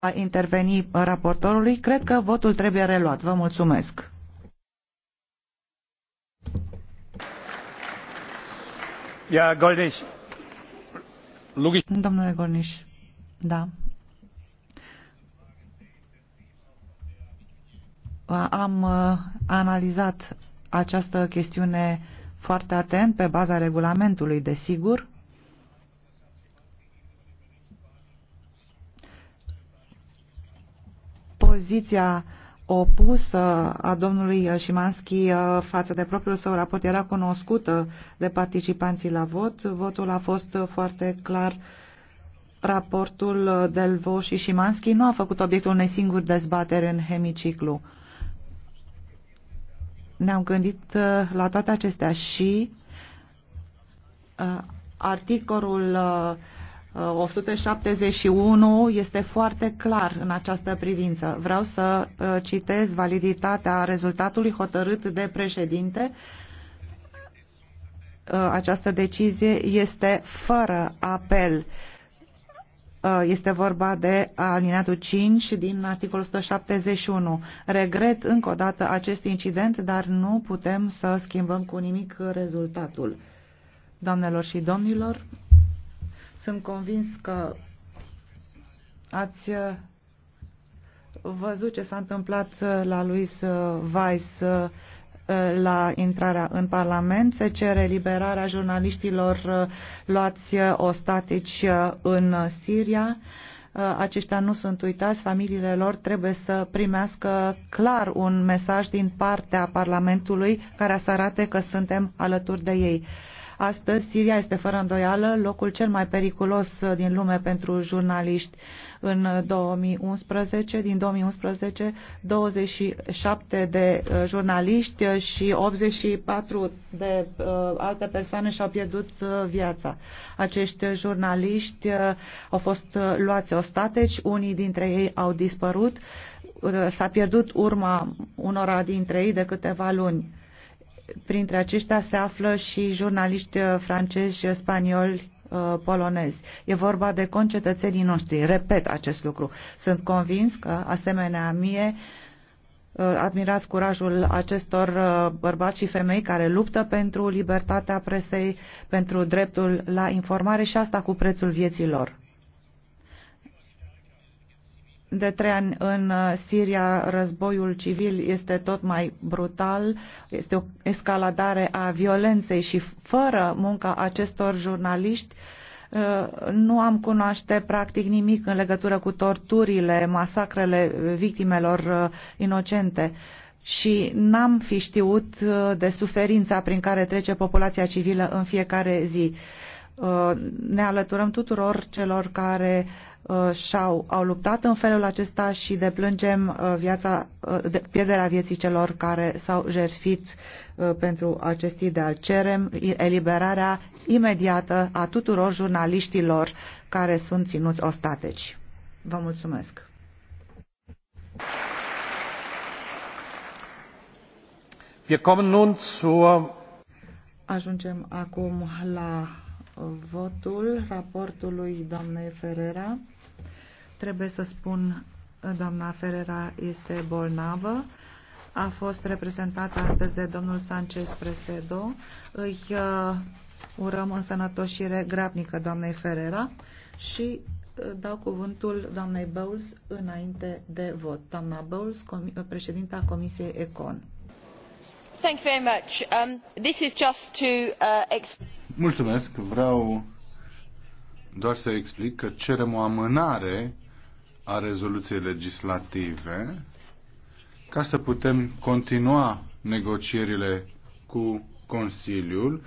a interveni raportorului, cred că votul trebuie reluat. Vă mulțumesc. Ja, Golniș. Lugiș. Domnule Golniș, da. Am uh, analizat această chestiune foarte atent pe baza regulamentului, desigur. poziția opusă a domnului Șimanski uh, față de propriul său raport era cunoscută de participanții la vot. Votul a fost foarte clar. Raportul Delvo și Șimanski nu a făcut obiectul unei singuri dezbateri în hemiciclu. Ne-am gândit uh, la toate acestea și uh, articolul 171 uh, este foarte clar în această privință. Vreau să uh, citez validitatea rezultatului hotărât de președinte. Uh, această decizie este fără apel. Este vorba de alineatul 5 din articolul 171. Regret încă o dată acest incident, dar nu putem să schimbăm cu nimic rezultatul. Doamnelor și domnilor, sunt convins că ați uh, văzut ce s-a întâmplat uh, la Luis uh, Weiss la intrarea în Parlament. Se cere liberarea jurnaliștilor luați ostatici în Siria. Aceștia nu sunt uitați, familiile lor trebuie să primească clar un mesaj din partea Parlamentului care să arate că suntem alături de ei. Astăzi, Siria este fără îndoială locul cel mai periculos uh, din lume pentru jurnaliști. În 2011, uh, din 2011, 27 de uh, jurnaliști și 84 de uh, alte persoane și-au pierdut uh, viața. Acești jurnaliști uh, au fost uh, luați ostateci, unii dintre ei au dispărut s-a pierdut urma unora dintre ei de câteva luni. Printre aceștia se află și jurnaliști uh, francezi, uh, spanioli, uh, polonezi. E vorba de concetățenii noștri. Repet acest lucru. Sunt convins că, asemenea mie, admirați curajul acestor bărbați și femei care luptă pentru libertatea presei, pentru dreptul la informare și asta cu prețul vieților. De trei ani în uh, Siria războiul civil este tot mai brutal, este o escaladare a violenței și fără munca acestor jurnaliști uh, nu am cunoaște practic nimic în legătură cu torturile, masacrele victimelor uh, inocente și n-am fi știut de suferința prin care trece populația civilă în fiecare zi. Ne alăturăm tuturor celor care Uh, și-au au luptat în felul acesta și deplângem uh, viața, uh, de, pierderea vieții celor care s-au jertfit pentru acest ideal. Cerem eliberarea imediată a tuturor jurnaliștilor care sunt ținuți ostateci. Vă mulțumesc! Ajungem acum la votul raportului doamnei Ferrera. Trebuie să spun, doamna Ferrera este bolnavă. A fost reprezentată astăzi de domnul Sanchez Presedo. Îi uh, urăm însănătoșire grabnică doamnei Ferrera și uh, dau cuvântul doamnei Bowles înainte de vot. Doamna Bowles, com uh, președinta Comisiei Econ. Thank you very much. Um, this is just to uh, explain Mulțumesc, vreau doar să explic că cerem o amânare a rezoluției legislative ca să putem continua negocierile cu Consiliul